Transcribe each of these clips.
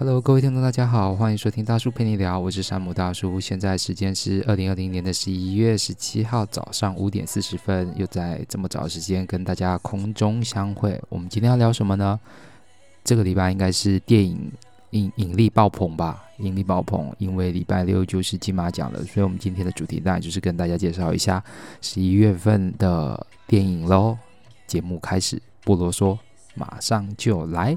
Hello，各位聽眾，大家好，歡迎收聽大叔陪你聊，我是山姆大叔。現在時間是二零二零年的十一月十七號早上五點四十分，又在這麼早的時間跟大家空中相會。我們今天要聊什麼呢？這個禮拜應該是電影引引力爆棚吧，引力爆棚，因為禮拜六就是金馬獎了，所以我們今天的主題當然就是跟大家介紹一下十一月份的電影嘍。節目開始，不囉嗦，馬上就來。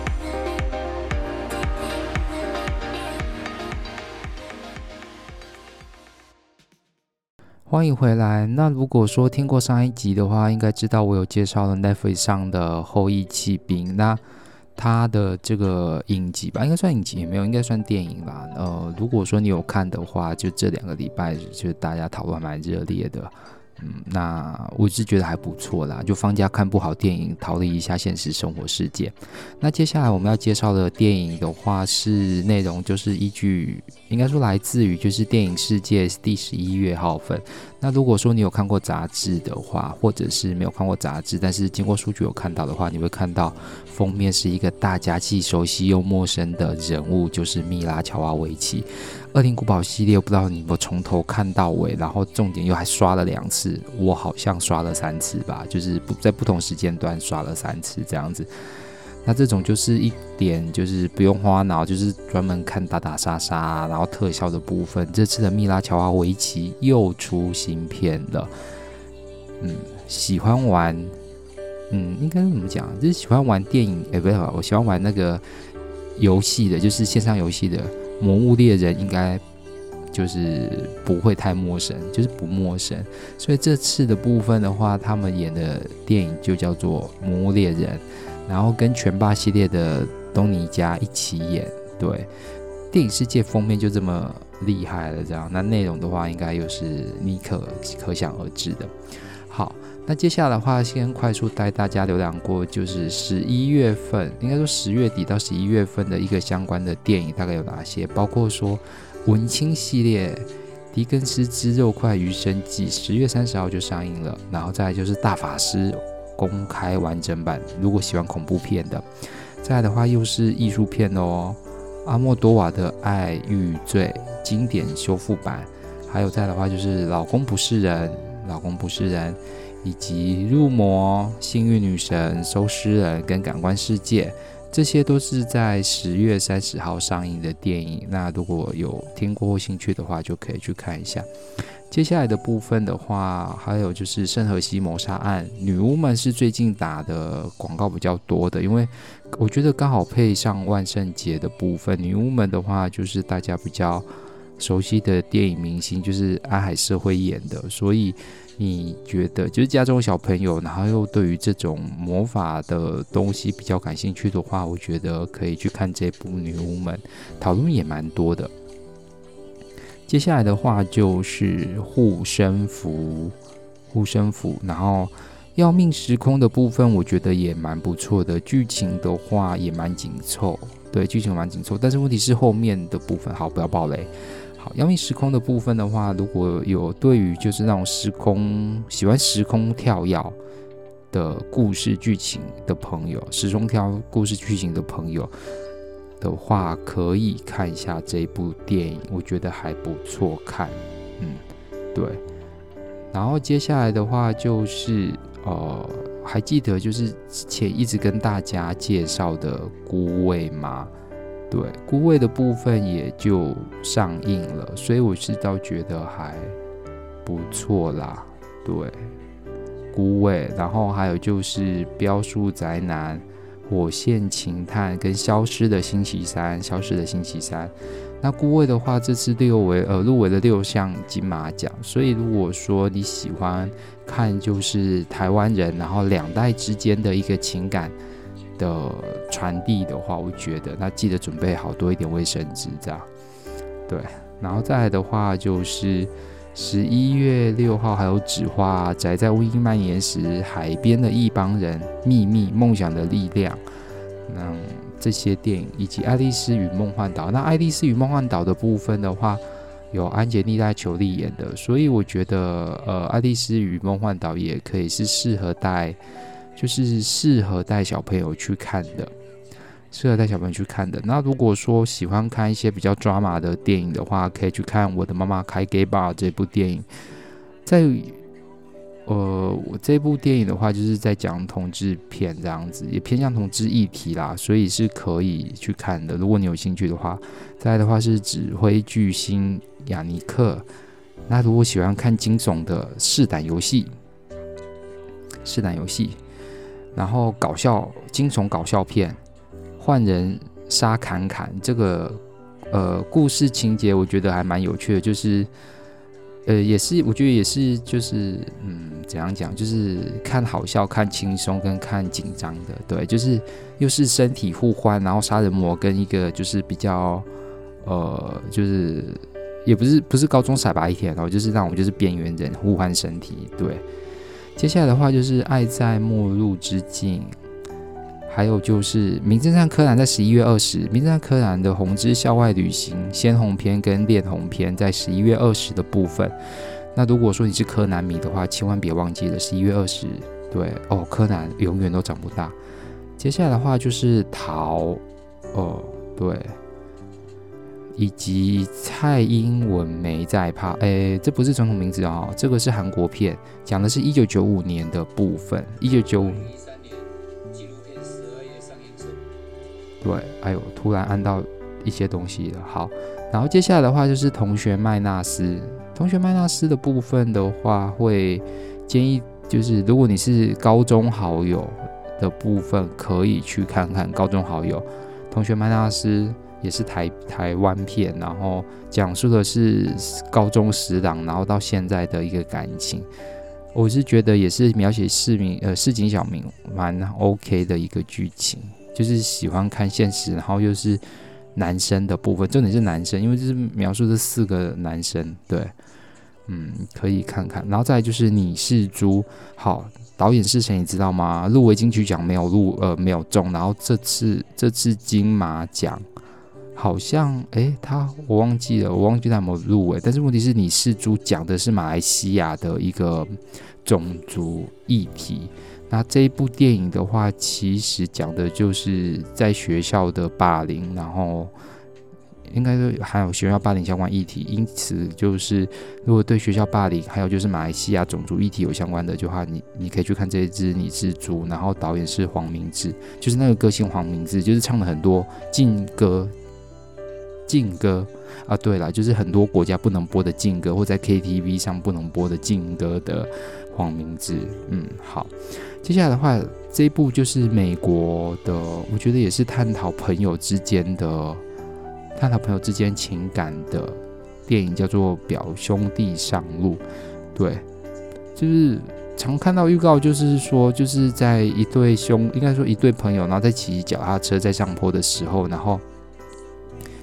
歡迎回來。那如果說聽過上一集的話，應該知道我有介紹了 Netflix 上的《後翼棄兵》。那他的這個影集吧，應該算影集，也沒有，應該算電影吧。呃，如果說你有看的話，就這兩個禮拜就大家討論蠻熱烈的。嗯，那我是覺得還不錯啦，就放假看部好電影，逃離一下現實生活世界。那接下來我們要介紹的電影的話是，是內容就是依據，應該說來自於就是電影世界第十一月號份。那如果說你有看過雜誌的話，或者是沒有看過雜誌，但是經過數據有看到的話，你會看到封面是一個大家既熟悉又陌生的人物，就是蜜拉喬娃維奇。《惡靈古堡》系列，不知道你有沒有從頭看到尾，然後重點又還刷了兩次，我好像刷了三次吧，就是在不同時間段刷了三次這樣子。那這種就是一點，就是不用花腦，就是專門看打打殺殺、啊，然後特效的部分。這次的《蜜拉喬娃維奇》又出新片了，嗯，喜歡玩，嗯，應該怎麼講？就是喜歡玩電影，哎，不要，我喜歡玩那個遊戲的，就是線上遊戲的《魔物獵人》，應該就是不會太陌生，就是不陌生。所以這次的部分的話，他們演的電影就叫做《魔物獵人》。然後跟《拳霸》系列的東尼賈一起演，對，電影世界封面就這麼厲害了，這樣。那內容的話，應該又是你可可想而知的。好，那接下來的話，先快速帶大家瀏覽過，就是十一月份，應該說十月底到十一月份的一個相關的電影大概有哪些，包括說文青系列《狄更斯之塊肉餘生記》，十月三十號就上映了，然後再來就是《大法師》。公開完整版。如果喜歡恐怖片的，再的話又是藝術片哦，《阿莫多瓦的愛慾罪》經典修復版，還有再的話就是《老公不是人》，《老公不是人》，以及《入魔》、《幸運女神》、《收屍人》跟《感官世界》，這些都是在十月三十號上映的電影。那如果有聽過或興趣的話，就可以去看一下。接下來的部分的話，還有就是聖荷西謀殺案，《女巫們》是最近打的廣告比較多的，因為我覺得剛好配上萬聖節的部分，《女巫們》的話就是大家比較熟悉的電影明星，就是安海瑟薇演的。所以你覺得，就是家中小朋友，然後又對於這種魔法的東西比較感興趣的話，我覺得可以去看這部《女巫們》，討論也蠻多的。接下來的話就是護身符，護身符，然後要命時空的部分，我覺得也蠻不錯的，劇情的話也蠻緊湊，對，劇情蠻緊湊。但是問題是後面的部分，好，不要爆雷。好，要命時空的部分的話，如果有對於就是那種時空喜歡時空跳躍的故事劇情的朋友，時空跳故事劇情的朋友。的話可以看一下這部電影，我覺得還不錯看，嗯，對。然後接下來的話就是，呃，還記得就是之前一直跟大家介紹的《孤味》嗎？對，《孤味》的部分也就上映了，所以我是倒覺得還不錯啦，對，《孤味》然後還有就是《標書宅男》。火線情探跟消失的星期三，消失的星期三。那孤味的話，這次六圍呃入圍了六項金馬獎。所以如果說你喜歡看就是台灣人，然後兩代之間的一個情感的傳遞的話，我覺得那記得準備好多一點衛生紙這樣。對，然後再來的話就是。十一月六號，還有《紙花》，宅在瘟疫蔓延時，海邊的一幫人，祕密夢想的力量。那這些電影，以及《愛麗絲與夢幻島》。那《愛麗絲與夢幻島》的部分的話，有安潔莉娜·裘莉演的，所以我覺得，呃，《愛麗絲與夢幻島》也可以是適合帶，就是適合帶小朋友去看的。適合帶小朋友去看的。那如果說喜歡看一些比較抓馬的電影的話，可以去看《我的媽媽開 gay bar》這部電影。在呃，我這部電影的話，就是在講同志片這樣子，也偏向同志議題啦，所以是可以去看的。如果你有興趣的話，再來的話是指揮巨星雅尼克。那如果喜歡看驚悚的《試膽遊戲》，試膽遊戲，然後搞笑驚悚搞笑片。換人殺砍砍。這個，呃，故事情節我覺得還蠻有趣的，就是，呃，也是我覺得也是就是，嗯，怎樣講，就是看好笑、看輕鬆跟看緊張的，對，就是又是身體互換，然後殺人魔跟一個就是比較，呃，就是也不是不是高中傻白甜、哦，然後就是讓我就是邊緣人互換身體，對，接下來的話就是愛在末路之境。還有就是名偵探柯南在十一月二十，名偵探柯南的紅之校外旅行鮮紅篇跟戀紅篇在十一月二十的部分。那如果說你是柯南迷的話，千萬別忘記了十一月二十。對哦，柯南永遠都長不大。接下來的話就是桃，哦、呃，對，以及蔡英文沒在怕。哎，這不是中文名字哦，這個是韓國片，講的是一九九五年的部分，一九九五。對，哎呦，突然按到一些東西了。好，然後接下來的話就是同學麥娜絲，同學麥娜絲的部分的話，會建議就是，如果你是高中好友的部分，可以去看看高中好友，同學麥娜絲也是台台灣片，然後講述的是高中死黨，然後到現在的一個感情。我是覺得也是描寫市民呃市井小民蠻 OK 的一個劇情。就是喜歡看現實，然後又是男生的部分，重點是男生，因為這是描述這四個男生。對，嗯，可以看看。然後再來就是《你是豬》，好，導演是誰你知道嗎？入圍金曲獎沒有入，呃，沒有中。然後這次這次金馬獎好像，誒，他我忘記了，我忘記他有沒有入圍。但是問題是，《你是豬》講的是馬來西亞的一個種族議題。那這一部電影的話，其實講的就是在學校的霸凌，然後應該說還有學校霸凌相關議題。因此，就是如果對學校霸凌，還有就是馬來西亞種族議題有相關的，就話你你可以去看這一隻你是豬，然後導演是黃明志，就是那個歌星黃明志，就是唱了很多禁歌，禁歌。啊，對了，就是很多國家不能播的禁歌，或在 KTV 上不能播的禁歌的黃明志。嗯，好。接下來的話，這一部就是美國的，我覺得也是探討朋友之間的，探討朋友之間情感的電影，叫做《表兄弟上路》。對，就是常看到預告，就是說就是在一對兄，應該說一對朋友，然後在騎腳踏車在上坡的時候，然後。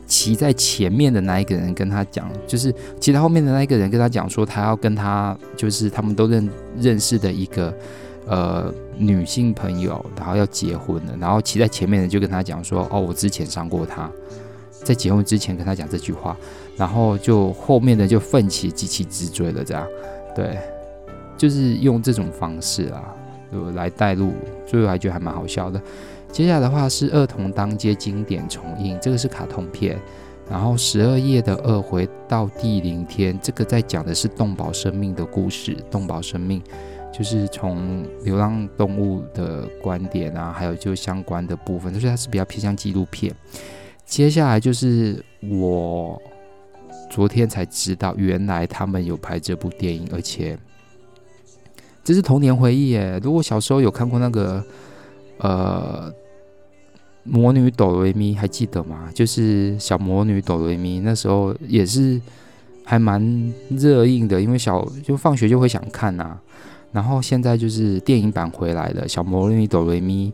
騎在前面的那一個人跟他講，就是騎在後面的那一個人跟他講說，他要跟他就是他們都認認識的一個呃女性朋友，然後要結婚了。然後騎在前面的就跟他講說，哦，我之前上過他，在結婚之前跟他講這句話，然後就後面的就奮起急起直追了這樣，對，就是用這種方式啊就來帶路，最後還覺得還蠻好笑的。接下來的話是《二童當街》經典重映，這個是卡通片。然後《十二夜的二回到第零天》，這個在講的是動保生命的故事。動保生命就是從流浪動物的觀點啊，還有就相關的部分，就是它是比較偏向紀錄片。接下來就是我昨天才知道，原來他們有拍這部電影，而且這是童年回憶耶。如果小時候有看過那個。呃，魔女哆瑞咪還記得嗎？就是小魔女哆瑞咪，那時候也是還蠻熱映的，因為小就放學就會想看吶、啊。然後現在就是電影版回來了，小魔女哆瑞咪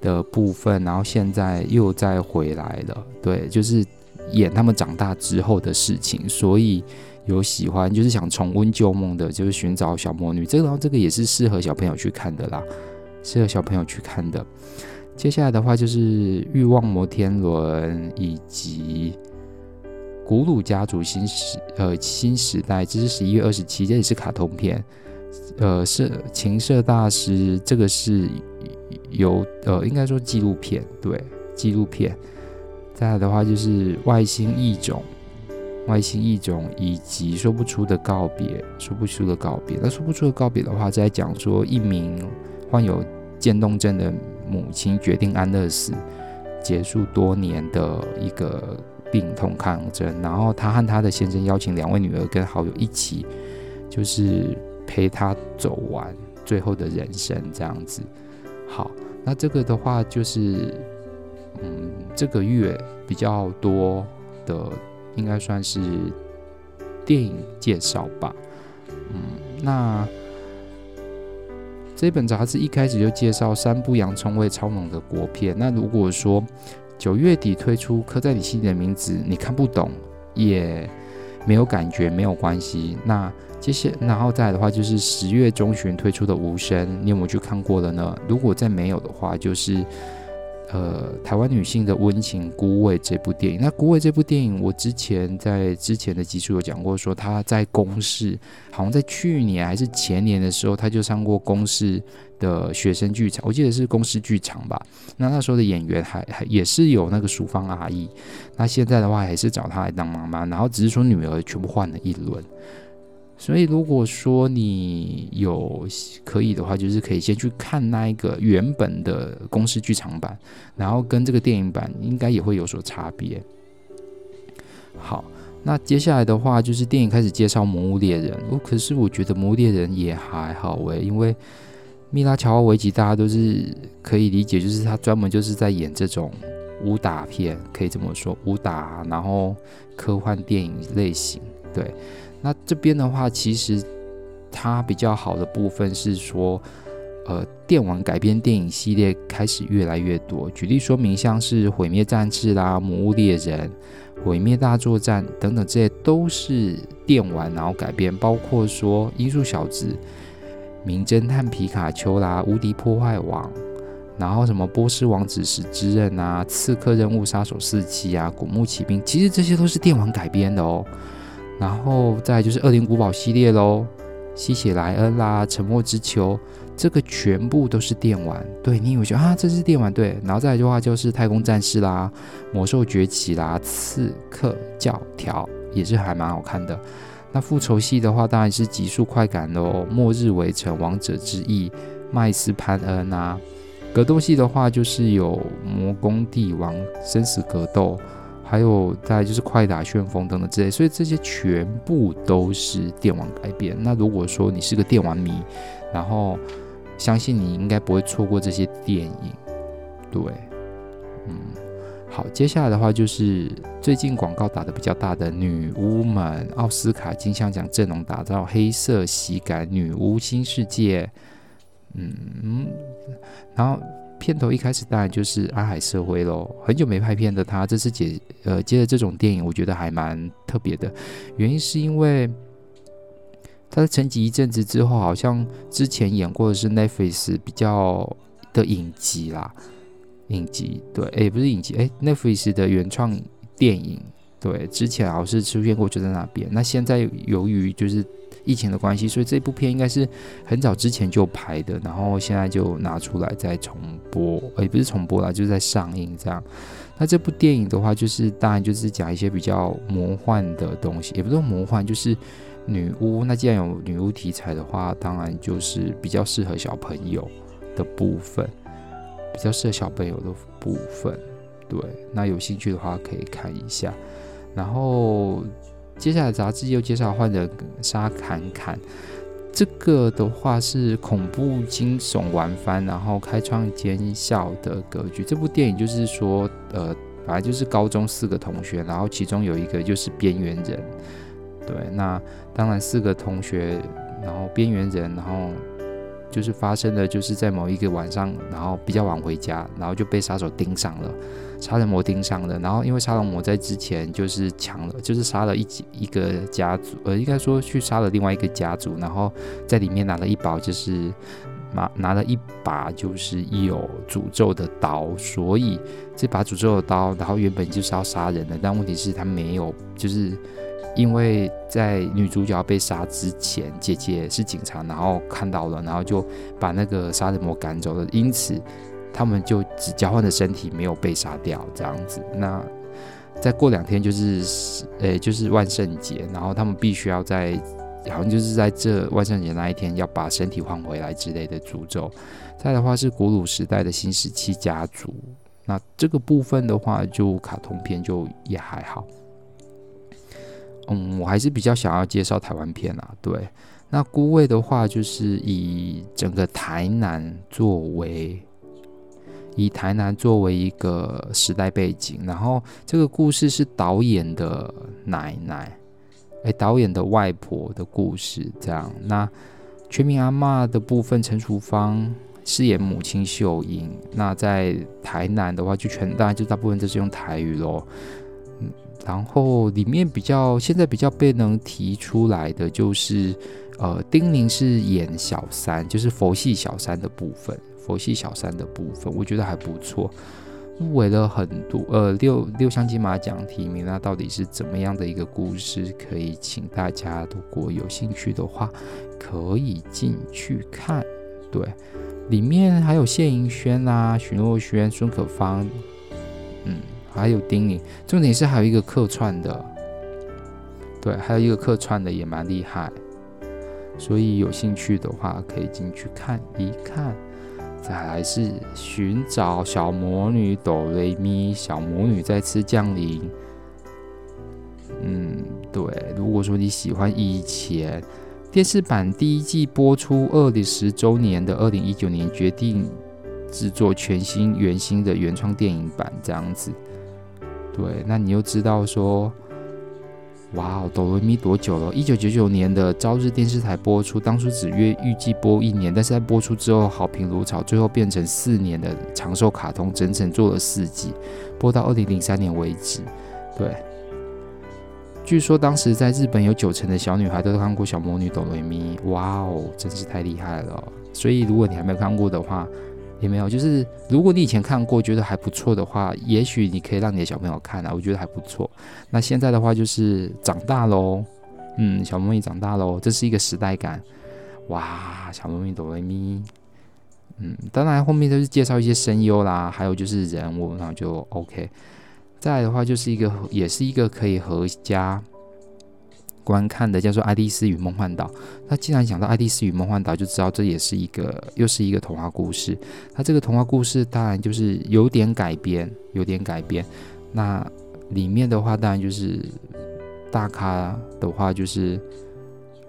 的部分，然後現在又再回來了，對，就是演他們長大之後的事情。所以有喜歡就是想重溫舊夢的，就是尋找小魔女，這個然後這個也是適合小朋友去看的啦。適合小朋友去看的。接下來的話就是《慾望摩天輪》以及《古魯家族》新時呃新時代，這是十一月二十七，這也是卡通片。呃，是情色大師這個是有呃應該說紀錄片，對，紀錄片。再來的話就是外《外星異種》，《外星異種》以及說不出的告《說不出的告別》，《說不出的告別》。那《說不出的告別》的話，在講說一名。患有漸凍症的母親決定安樂死，結束多年的一個病痛抗爭。然後她和她的先生邀請兩位女兒跟好友一起，就是陪她走完最後的人生。這樣子。好，那這個的話就是，嗯，這個月比較多的應該算是電影介紹吧。嗯，那。這本雜誌一開始就介紹三部洋蔥味超濃的國片。那如果說九月底推出《刻在你心底的名字》，你看不懂也沒有感覺，沒有關係。那接下來然後再來的話，就是十月中旬推出的《無聲》，你有沒有去看過了呢？如果再沒有的話，就是。呃，台灣女性的溫情孤味這部電影，那孤味這部電影，我之前在之前的集數有講過說，說她在公視，好像在去年還是前年的時候，她就上過公視的學生劇場，我記得是公視劇場吧。那那時候的演員還還也是有那個淑芳阿姨，那現在的話還是找她來當媽媽，然後只是說女兒全部換了一輪。所以，如果說你有可以的話，就是可以先去看那一個原本的公式劇場版，然後跟這個電影版應該也會有所差別。好，那接下來的話就是電影開始介紹《魔物獵人》哦。我可是我覺得《魔物獵人》也還好誒，因為蜜拉喬瓦維奇大家都是可以理解，就是他專門就是在演這種武打片，可以這麼說，武打然後科幻電影類型，對。那這邊的話，其實它比較好的部分是說，呃，電玩改編電影系列開始越來越多。舉例說明，像是《毀滅戰士》啦，《魔物獵人》、《毀滅大作戰》等等，這些都是電玩然後改編，包括說《音速小子》、《名偵探皮卡丘》啦，《無敵破壞王》，然後什麼《波斯王子：時之刃》啊，《刺客任務》、《殺手47》啊，《古墓奇兵》，其實這些都是電玩改編的哦。然後再就是《惡靈古堡》系列嘍，《吸血萊恩》啦，《沉默之丘》，這個全部都是電玩，對，你以為就啊，這是電玩對。然後再來的話就是《太空戰士》啦，《魔獸崛起》啦，《刺客教條》也是還蠻好看的。那復仇系的話，當然是《極速快感》咯，《末日圍城》《王者之翼》《麥斯潘恩》啦。格鬥系的話，就是有《魔宮帝王》《生死格鬥》。還有再就是快打旋風等等之類，所以這些全部都是電玩改編。那如果說你是個電玩迷，然後相信你應該不會錯過這些電影。對，嗯，好，接下來的話就是最近廣告打得比較大的女巫們，奧斯卡金像獎陣容打造黑色喜感女巫新世界。嗯嗯，然後。片頭一開始當然就是安海瑟薇咯，很久沒拍片的他，這次解呃接呃接了這種電影，我覺得還蠻特別的。原因是因為他在沉寂一陣子之後，好像之前演過的是 Netflix 比較的影集啦，影集對，哎不是影集哎，Netflix 的原創電影，對，之前好像是出現過就在那邊。那現在由於就是。疫情的關係，所以這部片應該是很早之前就拍的，然後現在就拿出來再重播，也不是重播啦，就是在上映這樣。那這部電影的話，就是當然就是講一些比較魔幻的東西，也不說魔幻，就是女巫。那既然有女巫題材的話，當然就是比較適合小朋友的部分，比較適合小朋友的部分。對，那有興趣的話可以看一下，然後。接下來雜誌又介紹換人殺砍砍，這個的話是恐怖驚悚玩翻，然後開創尖笑的格局。這部電影就是說，呃，本來就是高中四個同學，然後其中有一個就是邊緣人。對，那當然四個同學，然後邊緣人，然後。就是發生的，就是在某一個晚上，然後比較晚回家，然後就被殺手盯上了，殺人魔盯上了。然後因為殺人魔在之前就是搶了，就是殺了一一個家族，呃，應該說去殺了另外一個家族，然後在裡面拿了一把，就是拿拿了一把就是有詛咒的刀，所以這把詛咒的刀，然後原本就是要殺人的，但問題是，他沒有，就是。因為在女主角被殺之前，姐姐是警察，然後看到了，然後就把那個殺人魔趕走了。因此，他們就只交換了身體，沒有被殺掉，這樣子。那再過兩天就是，呃、欸，就是萬聖節，然後他們必須要在，好像就是在這萬聖節那一天要把身體換回來之類的詛咒。再的話是古魯時代的新石器家族，那這個部分的話，就卡通片就也還好。嗯，我還是比較想要介紹台灣片啊。對，那《孤味》的話，就是以整個台南作為，以台南作為一個時代背景，然後這個故事是導演的奶奶，哎、欸，導演的外婆的故事這樣。那《全民阿嬤》的部分，陳淑芳飾演母親秀英。那在台南的話，就全大概就大部分都是用台語嘍。然後裡面比較現在比較被能提出來的就是，呃，丁寧是演小三，就是佛系小三的部分，佛系小三的部分，我覺得還不錯。入圍了很多，呃，六六項金馬獎提名，那到底是怎麼樣的一個故事？可以請大家如果有興趣的話，可以進去看。對，裡面還有謝盈萱啦、徐若瑄、孫可芳，嗯。還有丁寧，重點是還有一個客串的，對，還有一個客串的也蠻厲害，所以有興趣的話可以進去看一看。再來是尋找小魔女哆來咪，小魔女再次降臨。嗯，對，如果說你喜歡以前電視版第一季播出二十周年的二零一九年，決定制作全新原新的原創電影版這樣子。對，那你又知道說，哇哦，哆瑞咪多久了？一九九九年的朝日電視台播出，當初只約預計播一年，但是在播出之後好評如潮，最後變成四年的長壽卡通，整整做了四季，播到二零零三年為止。對，據說當時在日本有九成的小女孩都看過小魔女哆瑞咪，哇哦，真是太厲害了。所以如果你還沒有看過的話，也沒有，就是如果你以前看過，覺得還不錯的話，也許你可以讓你的小朋友看啊，我覺得還不錯。那現在的話就是長大咯，嗯，小貓咪長大咯，這是一個時代感。哇，小貓咪哆來咪，嗯，當然後面都是介紹一些聲優啦，還有就是人物，那就 OK。再來的話就是一個，也是一個可以合家。觀看的叫做《愛麗絲與夢幻島》。那既然講到《愛麗絲與夢幻島》，就知道這也是一個又是一個童話故事。那這個童話故事當然就是有點改編，有點改編。那裡面的話當然就是大咖的話就是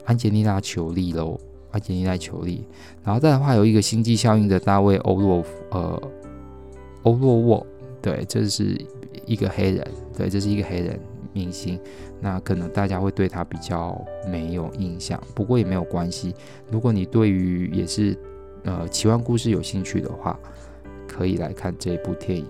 安吉麗娜·裘麗嘍，安吉麗娜·裘麗。然後再的話有一個星際效應的大衛·歐洛，呃，歐洛沃，對，這是一個黑人，對，這是一個黑人。明星，那可能大家會對他比較沒有印象，不過也沒有關係。如果你對於也是，呃，奇幻故事有興趣的話，可以來看這一部電影。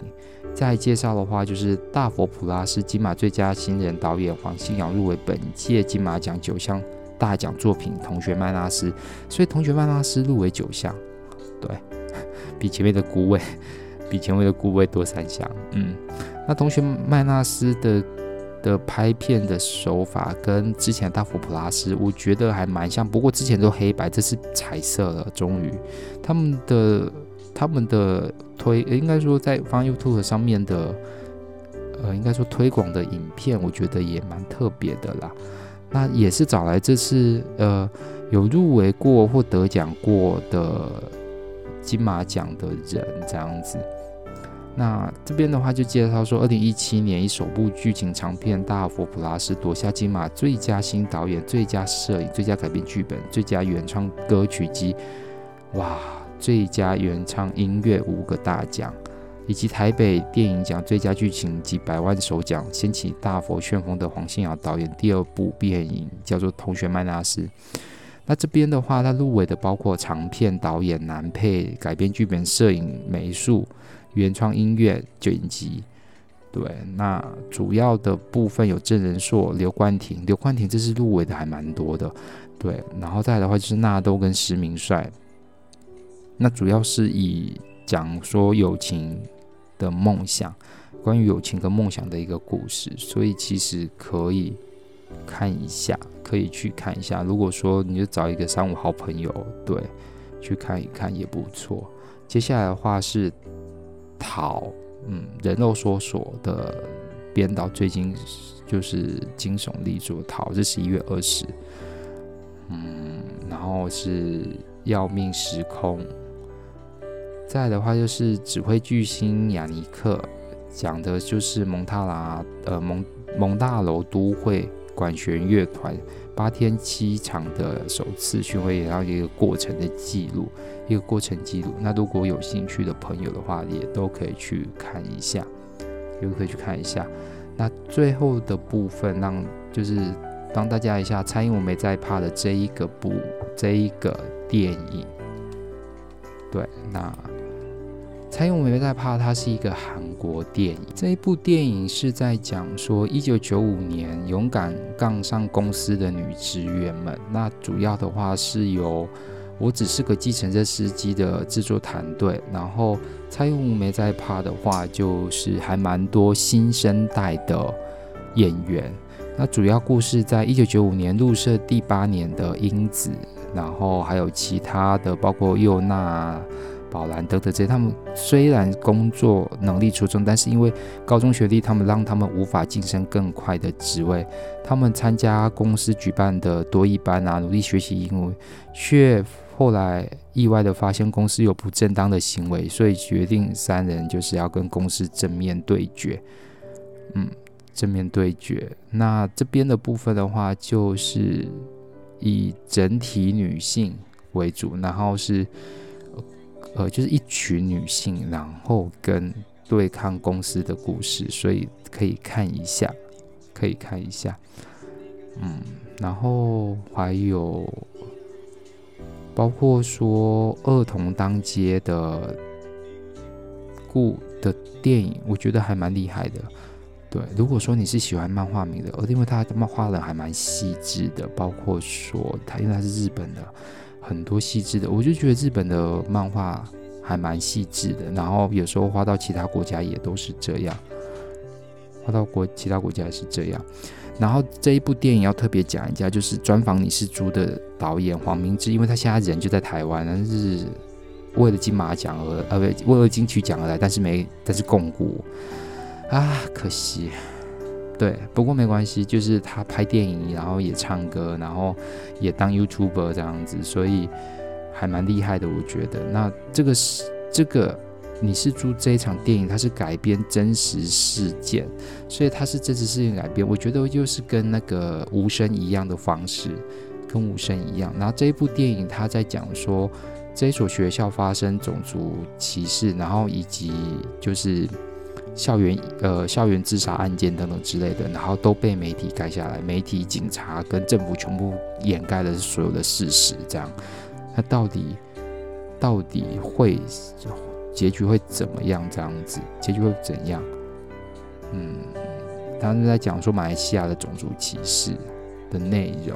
再介紹的話，就是《大佛普拉斯》金馬最佳新人導演黃信堯入圍本屆金馬獎九項大獎作品《同學麥納斯》，所以《同學麥納斯》入圍九項，對，比前面的孤味，比前面的孤味多三項。嗯，那《同學麥納斯》的。的拍片的手法跟之前的大佛普拉斯，我覺得還蠻像。不過之前都黑白，這次彩色了，終於。他們的他們的推，應該說在放 YouTube 上面的，呃，應該說推廣的影片，我覺得也蠻特別的啦。那也是找來這次呃有入圍過或得獎過的金馬獎的人這樣子。那這邊的話，就介紹說，二零一七年以首部劇情長片《大佛普拉斯》奪下金馬最佳新導演、最佳攝影、最佳改編劇本、最佳原創歌曲及哇最佳原創音樂五個大獎，以及台北電影獎最佳劇情及百萬首獎掀起大佛旋風的黃信堯導演第二部電影叫做《同學麥納斯》。那這邊的話，他入圍的包括長片導演、男配、改編劇本、攝影、美術。原創音樂剪輯，對，那主要的部分有鄭人碩、劉冠廷、劉冠廷，這次入圍的還蠻多的，對，然後再來的話就是納豆跟施名帥，那主要是以講說友情的夢想，關於友情跟夢想的一個故事，所以其實可以看一下，可以去看一下，如果說你就找一個三五好朋友，對，去看一看也不錯。接下來的話是。逃，嗯，人肉搜索的編導，最近就是驚悚力作《逃》，這是十一月二十，嗯，然後是要命時空，再的話就是指揮巨星雅尼克，講的就是蒙塔拉，呃，蒙蒙大樓都會，管弦樂團八天七場的首次巡迴演唱會的一個過程的記錄，一個過程記錄。那如果有興趣的朋友的話，也都可以去看一下，也可以去看一下。那最後的部分，讓就是幫大家一下，蔡英文沒在拍的這一個部，這一個電影，對，那。菜英文沒在怕，它是一個韓國電影。這一部電影是在講說，一九九五年勇敢槓上公司的女職員們。那主要的話是由我只是個計程車司機的製作團隊，然後菜英文沒在怕的話，就是還蠻多新生代的演員。那主要故事在一九九五年入社第八年的英子，然後還有其他的包括佑娜。寶蘭等等這些，他們雖然工作能力出眾，但是因為高中學歷，他們讓他們無法晉升更快的職位。他們參加公司舉辦的多一班啊，努力學習，因為卻後來意外的發現公司有不正當的行為，所以決定三人就是要跟公司正面對決。嗯，正面對決。那這邊的部分的話，就是以整體女性為主，然後是。呃，就是一群女性，然後跟對抗公司的故事，所以可以看一下，可以看一下，嗯，然後還有包括說《二童當街》的故的電影，我覺得還蠻厲害的。對，如果說你是喜歡漫畫迷的，而、呃、因為他的漫畫人還蠻細緻的，包括說他因為他是日本的。很多細緻的，我就覺得日本的漫畫還蠻細緻的，然後有時候畫到其他國家也都是這樣，畫到國其他國家也是這樣。然後這一部電影要特別講一下，就是專訪《你是豬》的導演黃明志，因為他現在人就在台灣，但是為了金馬獎而呃不、啊，為了金曲獎而來，但是沒，但是共過啊，可惜。對，不過沒關係，就是他拍電影，然後也唱歌，然後也當 YouTuber 這樣子，所以還蠻厲害的，我覺得。那這個是這個，你是做這一場電影，它是改編真實事件，所以它是真實事件改編，我覺得就是跟那個無聲一樣的方式，跟無聲一樣。然後這一部電影它在講說，這所學校發生種族歧視，然後以及就是。校園呃，校園自殺案件等等之類的，然後都被媒體蓋下來，媒體、警察跟政府全部掩蓋了所有的事實，這樣，那到底到底會結局會怎麼樣？這樣子，結局會怎樣？嗯，當時在講說馬來西亞的種族歧視的內容，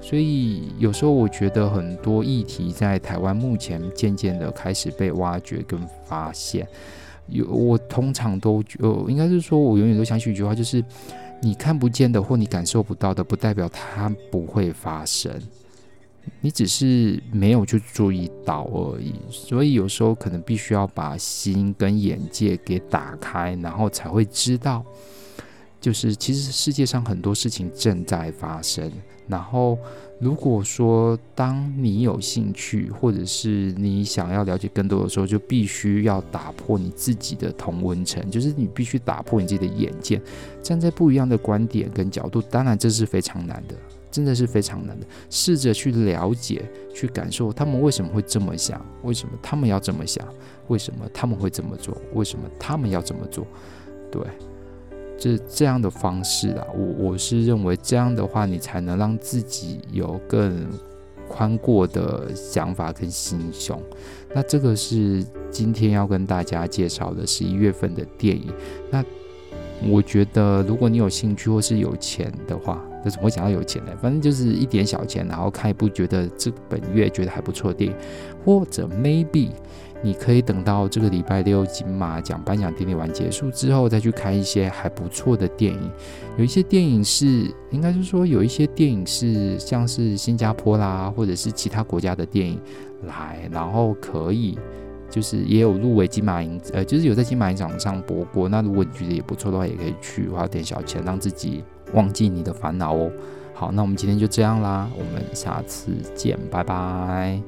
所以有時候我覺得很多議題在台灣目前漸漸的開始被挖掘跟發現。有我通常都，應該是說我永遠都相信一句話，就是你看不見的或你感受不到的，不代表它不會發生，你只是沒有去注意到而已。所以有時候可能必須要把心跟眼界給打開，然後才會知道。就是，其實世界上很多事情正在發生。然後，如果說當你有興趣，或者是你想要了解更多的時候，就必須要打破你自己的同溫層，就是你必須打破你自己的眼界，站在不一樣的觀點跟角度。當然，這是非常難的，真的是非常難的。試着去了解、去感受他們為什麼會這麼想，為什麼他們要這麼想，為什麼他們會這麼做，為什麼他們要這麼做，對。這這樣的方式啊，我，我是認為這樣的話，你才能讓自己有更寬闊的想法跟心胸。那這個是今天要跟大家介紹的十一月份的電影。那我覺得，如果你有興趣或是有錢的話，那怎麼會講到有錢呢？反正就是一點小錢，然後看一部覺得這本月覺得還不錯的電影，或者 maybe。你可以等到這個禮拜六金馬獎頒獎典禮完結束之後，再去看一些還不錯的電影。有一些電影是，應該是說有一些電影是像是新加坡啦，或者是其他國家的電影來，然後可以就是也有入圍金馬影，呃，就是有在金馬影展上播過。那如果你覺得也不錯的話，也可以去花點小錢，讓自己忘記你的煩惱哦。好，那我們今天就這樣啦，我們下次見，拜拜。